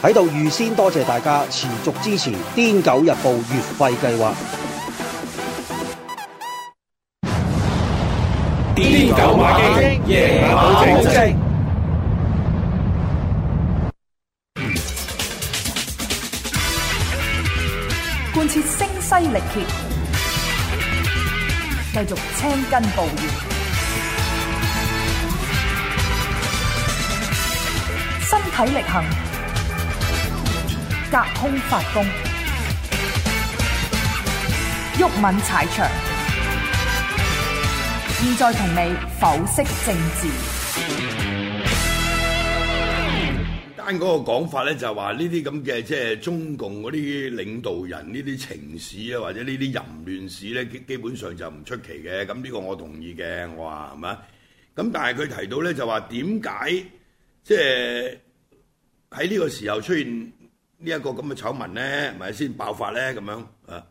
喺度預先多謝大家持續支持《癲狗日報》月費計劃。癲狗馬經夜馬保證，貫徹聲嘶力竭，繼續青筋暴現，身體力行。隔空發功，毓民踩場，現在同你剖析政治。單嗰個講法咧，就係話呢啲咁嘅，即係中共嗰啲領導人呢啲情史啊，或者呢啲淫亂史咧，基基本上就唔出奇嘅。咁、這、呢個我同意嘅，我話係咪？咁但係佢提到咧，就話點解即係喺呢個時候出現？呢一個咁嘅醜聞呢，咪先爆發呢？咁樣啊？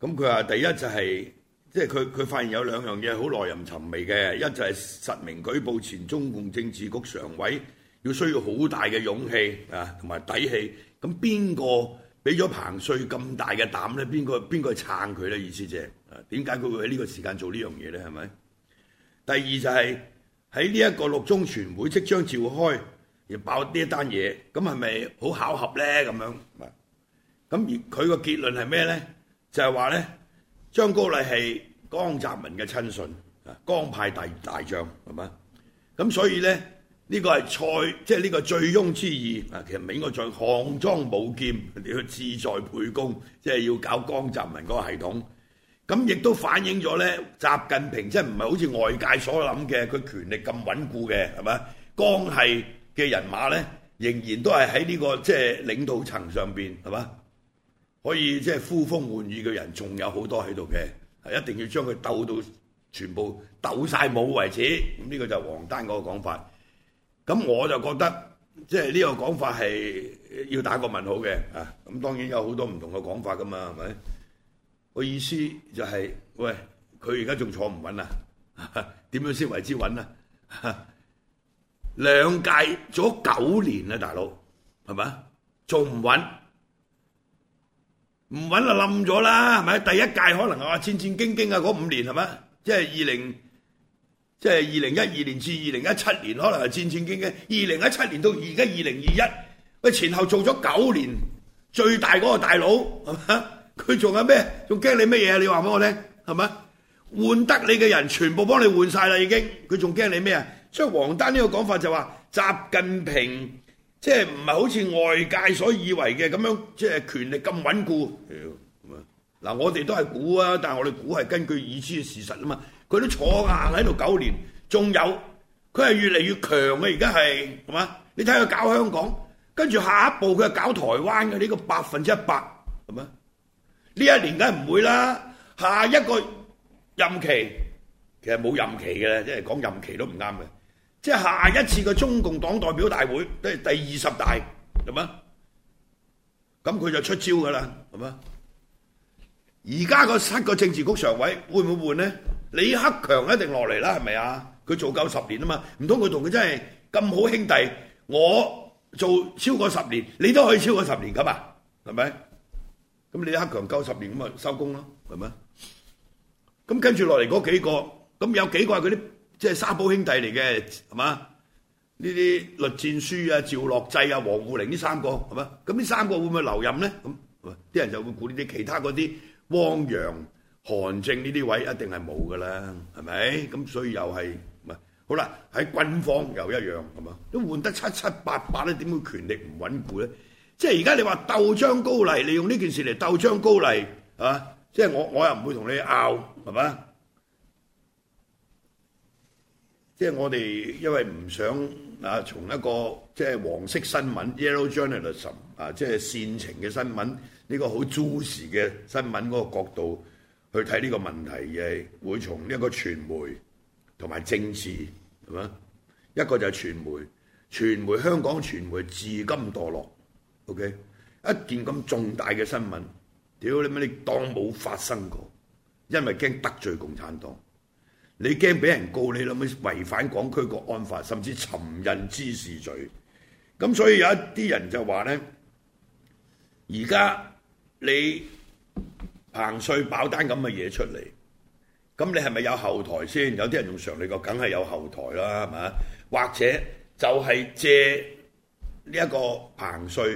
咁佢話第一就係，即係佢佢發現有兩樣嘢好耐人尋味嘅，一就係實名舉報前中共政治局常委，要需要好大嘅勇氣啊，同埋底氣。咁邊個俾咗彭帥咁大嘅膽呢？邊個邊個撐佢呢？意思就係啊，點解佢會喺呢個時間做呢樣嘢呢？係咪？第二就係喺呢一個六中全會即將召開。而爆呢一單嘢，咁係咪好巧合咧？咁樣，咁而佢個結論係咩咧？就係話咧，張高麗係江澤民嘅親信，啊，江派大大將係嘛？咁所以咧，呢個係蔡，即係呢個最終之意啊！其實唔應該再項莊舞劍，你要志在沛公，即係要搞江澤民嗰個系統。咁亦都反映咗咧，習近平即係唔係好似外界所諗嘅，佢權力咁穩固嘅係嘛？江係嘅人馬咧，仍然都係喺呢個即係領導層上邊，係嘛？可以即係呼風喚雨嘅人，仲有好多喺度嘅，係一定要將佢鬥到全部鬥晒冇為止。咁呢個就係王丹嗰個講法。咁我就覺得，即係呢個講法係要打個問號嘅。啊，咁當然有好多唔同嘅講法噶嘛，係咪？個意思就係，喂，佢而家仲坐唔穩啊？點樣先為之穩啊？啊。兩屆做咗九年啊，大佬，係咪？仲做唔穩，唔穩就冧咗啦，係咪？第一屆可能話戰戰兢兢啊，嗰五年，係咪？即係二零，即係二零一二年至二零一七年，可能係戰戰兢兢。二零一七年到而家二零二一，喂前後做咗九年，最大嗰個大佬係嘛？佢仲有咩？仲驚你咩嘢？你話俾我聽，係咪啊？換得你嘅人全部幫你換晒啦，已經，佢仲驚你咩啊？所以王丹呢個講法就話，習近平即係唔係好似外界所以為嘅咁樣，即係權力咁穩固。嗱，我哋都係估啊，但係我哋估係根據已知嘅事實啊嘛。佢都坐硬喺度九年，仲有佢係越嚟越強嘅。而家係係嘛？你睇佢搞香港，跟住下一步佢又搞台灣嘅呢個百分之一百係嘛？呢一年梗係唔會啦，下一個任期其實冇任期嘅，即係講任期都唔啱嘅。即係下一次嘅中共黨代表大會，都係第二十大，係嘛？咁佢就出招噶啦，係嘛？而家個七個政治局常委會唔會換呢？李克強一定落嚟啦，係咪啊？佢做夠十年啊嘛，唔通佢同佢真係咁好兄弟？我做超過十年，你都可以超過十年㗎嘛？係咪？咁李克強夠十年咁啊，收工咯，係咪？咁跟住落嚟嗰幾個，咁有幾個係嗰啲？即係三寶兄弟嚟嘅，係嘛？呢啲栗戰書啊、趙樂際啊、王滬寧呢三個係嘛？咁呢三個會唔會留任咧？咁啲人就會估啲其他嗰啲汪洋、韓正呢啲位置一定係冇㗎啦，係咪？咁所以又係唔好啦，喺軍方又一樣，係嘛？都換得七七八八咧，點會權力唔穩固咧？即係而家你話鬥張高麗，你用呢件事嚟鬥張高麗係嘛？即係我我又唔會同你拗係嘛？即係我哋因為唔想啊，從一個即係黃色新聞 （yellow journalism） 啊，即係煽情嘅新聞，呢個好 juicy 嘅新聞嗰個角度去睇呢個問題，嘅，會從一個傳媒同埋政治係嘛？一個就係傳媒，傳媒香港傳媒至今墮落，OK？一件咁重大嘅新聞，屌你媽，你當冇發生過，因為驚得罪共產黨。你驚俾人告你諗咩違反港區國安法，甚至尋釁滋事罪。咁所以有一啲人就話咧，而家你彭帥爆單咁嘅嘢出嚟，咁你係咪有後台先？有啲人用常理講，梗係有後台啦，係咪啊？或者就係借呢一個彭帥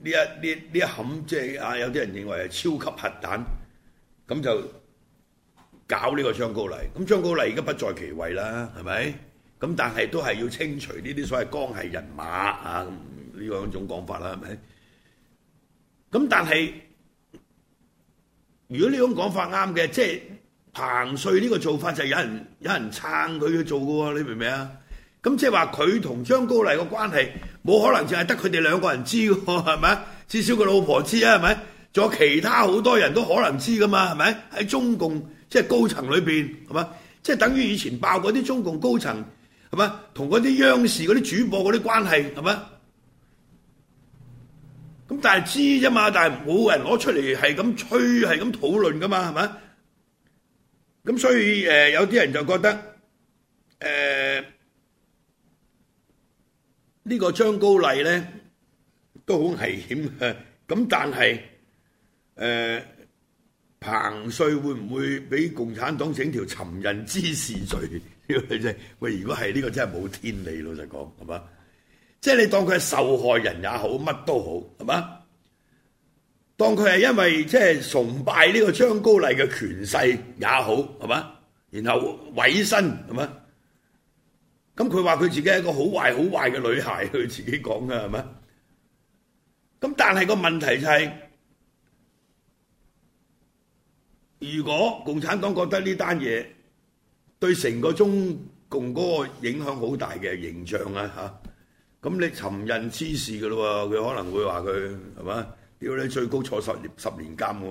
呢一呢呢一冚，即係啊有啲人認為係超級核彈，咁就。搞呢個張高麗，咁張高麗而家不在其位啦，係咪？咁但係都係要清除呢啲所謂江系人馬啊，咁呢兩種講法啦，係咪？咁但係如果呢種講法啱嘅，即係彭帥呢個做法就有人有人撐佢去做㗎喎，你明唔明啊？咁即係話佢同張高麗嘅關係冇可能淨係得佢哋兩個人知喎，係咪？至少佢老婆知啊，係咪？仲有其他好多人都可能知噶嘛，係咪？喺中共即係、就是、高層裏面，係咪？即、就、係、是、等於以前爆嗰啲中共高層，係咪？同嗰啲央視嗰啲主播嗰啲關係，係咪？咁但係知啫嘛，但係冇人攞出嚟係咁吹，係咁討論噶嘛，係咪？咁所以誒，有啲人就覺得誒呢、呃呢個張高麗咧都好危險，咁但係。誒、呃，彭帥會唔會俾共產黨整條尋釁滋事罪，係咪先？喂，如果係呢、這個真係冇天理，老實講，係嘛？即、就、係、是、你當佢係受害人也好，乜都好，係嘛？當佢係因為即係、就是、崇拜呢個張高麗嘅權勢也好，係嘛？然後委身，係嘛？咁佢話佢自己係一個好壞好壞嘅女孩，佢自己講㗎，係嘛？咁但係個問題就係、是。如果共產黨覺得呢單嘢對成個中共嗰個影響好大嘅形象啊嚇，咁你尋釁滋事噶咯喎，佢可能會話佢係嘛，要你最高坐十年十年監喎。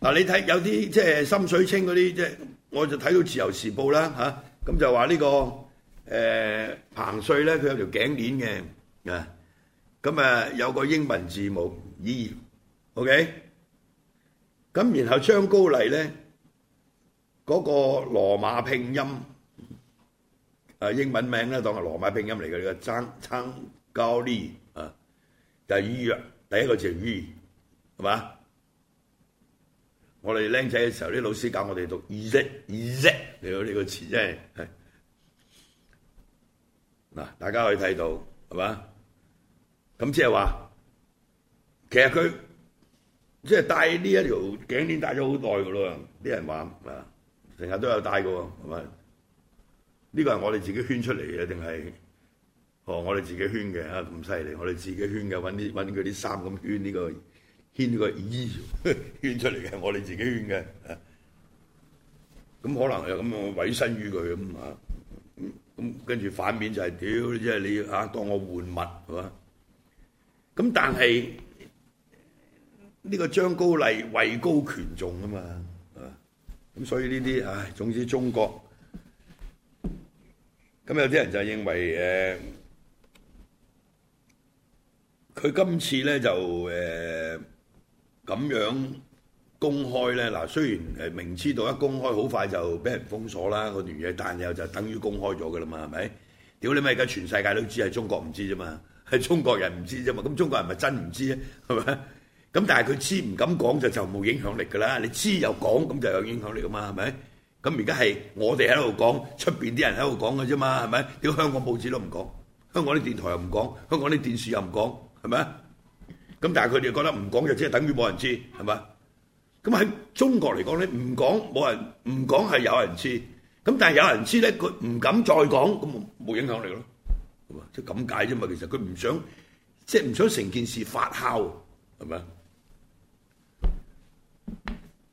嗱，你睇有啲即係心水清嗰啲，即係我就睇到自由時報啦嚇，咁就話呢個誒彭帥咧，佢有條頸鏈嘅啊，咁啊有個英文字母 E，OK。咁然後張高麗咧，嗰個羅馬拼音啊，英文名咧，當係羅馬拼音嚟嘅，呢個張張高麗啊，就係醫藥第一個字係醫係嘛？我哋僆仔嘅時候啲老師教我哋讀醫醫，你好呢個詞真係係，嗱，大家可以睇到係嘛？咁即係話其實佢。即係戴呢一條頸鏈戴咗好耐㗎咯，啲人話啊，成日都有戴嘅，係咪？呢、這個係我哋自己圈出嚟嘅定係，哦、啊，我哋自己圈嘅嚇咁犀利，我哋自己圈嘅揾啲揾佢啲衫咁圈呢、這個圈呢、這個衣圈出嚟嘅，我哋自己圈嘅，咁、啊、可能又咁樣委身於佢咁嚇，咁、啊啊啊、跟住反面就係、是、屌，即、就、係、是、你嚇、啊、當我玩物係嘛？咁但係。呢個張高麗位高權重啊嘛，啊咁所以呢啲唉，總之中國咁有啲人就認為誒，佢今次咧就誒咁樣公開咧嗱，雖然誒明知道一公開好快就俾人封鎖啦個原嘢，但又就等於公開咗㗎啦嘛是，係咪？屌你咪，而家全世界都知係中國唔知啫嘛，係中國人唔知啫嘛，咁中國人咪真唔知咧，係咪？咁但係佢知唔敢講就就冇影響力㗎啦。你知又講咁就有影響力㗎嘛。係咪？咁而家係我哋喺度講，出邊啲人喺度講嘅啫嘛？係咪？點解香港報紙都唔講，香港啲電台又唔講，香港啲電視又唔講，係咪？咁但係佢哋覺得唔講就即係等於冇人知，係咪？咁喺中國嚟講咧，唔講冇人唔講係有人知。咁但係有人知咧，佢唔敢再講，咁冇冇影響力咯。係嘛，即係咁解啫嘛。其實佢唔想即係唔想成件事發酵，係咪？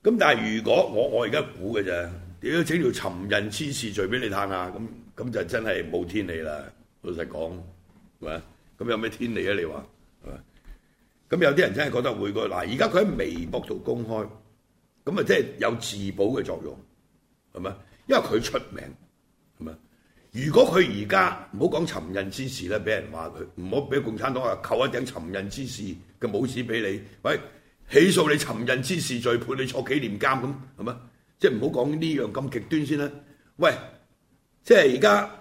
咁但係如果我我而家估嘅啫，屌整條尋釁滋事罪俾你嘆下，咁咁就真係冇天理啦！老實講，係嘛？咁有咩天理啊？你話係嘛？咁有啲人真係覺得會句。嗱，而家佢喺微博度公開，咁啊即係有自保嘅作用，係嘛？因為佢出名，係嘛？如果佢而家唔好講尋釁滋事咧，俾人話佢唔好俾共產黨啊扣一頂尋釁滋事嘅帽子俾你，喂！起訴你尋釁滋事罪，判你坐幾年監咁，係咪？即係唔好講呢樣咁極端先啦。喂，即係而家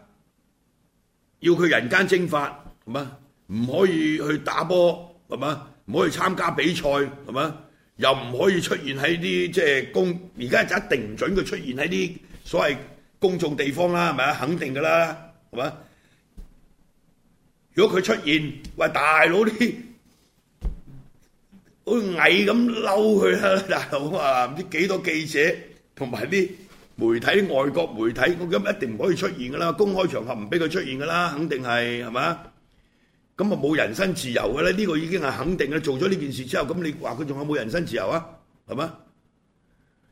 要佢人間蒸發，係咪？唔可以去打波，係咪？唔可以參加比賽，係咪？又唔可以出現喺啲即係公，而家就一定唔准佢出現喺啲所謂公眾地方啦，係咪？肯定㗎啦，係咪？如果佢出現，喂，大佬啲。好矮咁嬲佢啦，嗱咁啊唔知幾多記者同埋啲媒體、外國媒體，咁一定唔可以出現噶啦，公開場合唔俾佢出現噶啦，肯定係係嘛？咁啊冇人身自由嘅咧，呢個已經係肯定啦。做咗呢件事之後，咁你話佢仲有冇人身自由啊？係嘛？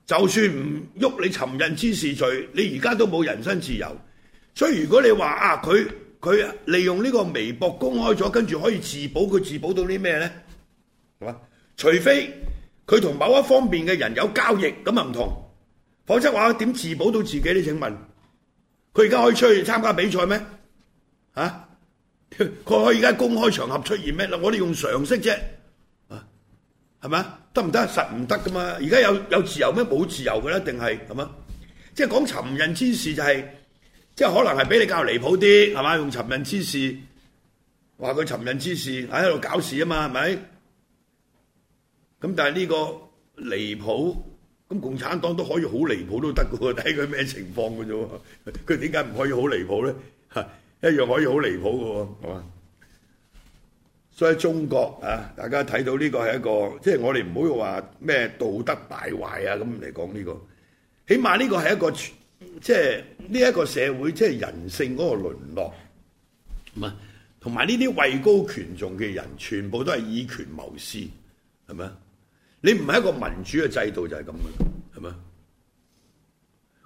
就算唔喐，你尋釁滋事罪，你而家都冇人身自由。所以如果你話啊，佢佢利用呢個微博公開咗，跟住可以自保，佢自保到啲咩咧？係嘛？除非佢同某一方面嘅人有交易，咁啊唔同。否則話點自保到自己咧？你請問佢而家可以出去參加比賽咩？嚇、啊！佢可以而家公開場合出現咩？嗱，我哋用常識啫，係咪啊？得唔得？實唔得噶嘛？而家有有自由咩？冇自由噶啦，定係係咪？即係講尋釁滋事，就係即係可能係比你較離譜啲係嘛？用尋釁滋事話佢尋釁滋事喺度搞事啊嘛？係咪？咁但係呢個離譜，咁共產黨都可以好離譜都得嘅喎，睇佢咩情況嘅啫喎？佢點解唔可以好離譜咧？吓，一樣可以好離譜㗎喎，係嘛？所以中國啊，大家睇到呢個係一個，即係我哋唔好話咩道德敗壞啊咁嚟講呢個。起碼呢個係一個，即係呢一個社會，即係人性嗰個淪落，同埋呢啲位高權重嘅人，全部都係以權謀私，係咪啊？你唔係一個民主嘅制度就係咁嘅，係咪？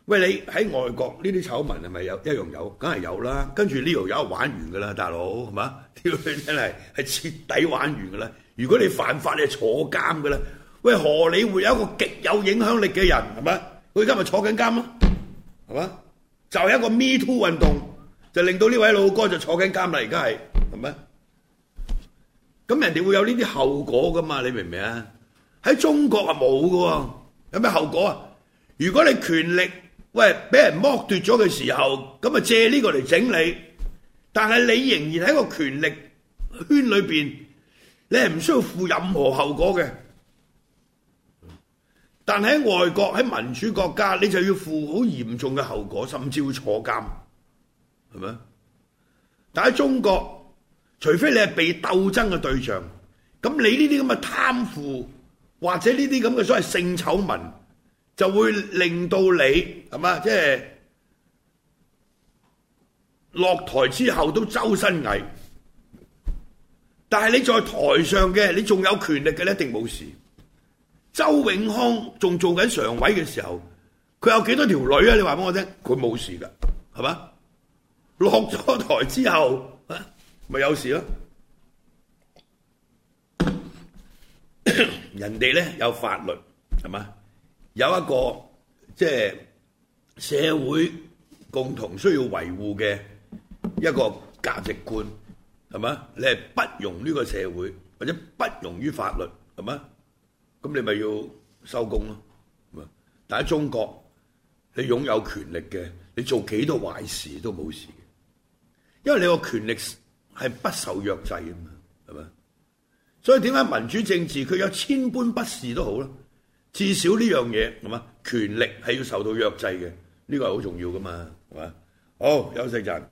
喂，你喺外國呢啲醜聞係咪有一樣有？梗係有啦。跟住呢度有玩完嘅啦，大佬係嘛？跳轉真係係徹底玩完嘅啦。如果你犯法，你係坐監嘅啦。喂，荷里活有一個極有影響力嘅人係咪？佢今日坐緊監咯，係嘛？就係、是、一個 Me Too 運動，就令到呢位老哥就坐緊監啦。而家係係咪？咁人哋會有呢啲後果嘅嘛？你明唔明啊？喺中國係冇噶有咩後果啊？如果你權力喂俾人剝奪咗嘅時候，咁啊借呢個嚟整你，但係你仍然喺個權力圈裏邊，你係唔需要負任何後果嘅。但喺外國喺民主國家，你就要負好嚴重嘅後果，甚至會坐監，係咪？但喺中國，除非你係被鬥爭嘅對象，咁你呢啲咁嘅貪腐。或者呢啲咁嘅所謂性醜聞，就會令到你係嘛？即係落台之後都周身蟻。但係你在台上嘅，你仲有權力嘅，一定冇事。周永康仲做緊常委嘅時候，佢有幾多條女啊？你話俾我聽，佢冇事㗎，係嘛？落咗台之後，咪，啊，有事啦。人哋咧有法律係嘛，有一個即係社會共同需要維護嘅一個價值觀係嘛，你係不容呢個社會或者不容於法律係嘛，咁你咪要收工咯。係嘛？但喺中國，你擁有權力嘅，你做幾多壞事都冇事嘅，因為你個權力係不受約制啊嘛，係嘛？所以點解民主政治佢有千般不是都好啦，至少呢樣嘢係嘛，權力係要受到約制嘅，呢個係好重要㗎嘛，係嘛？好，休息一陣。有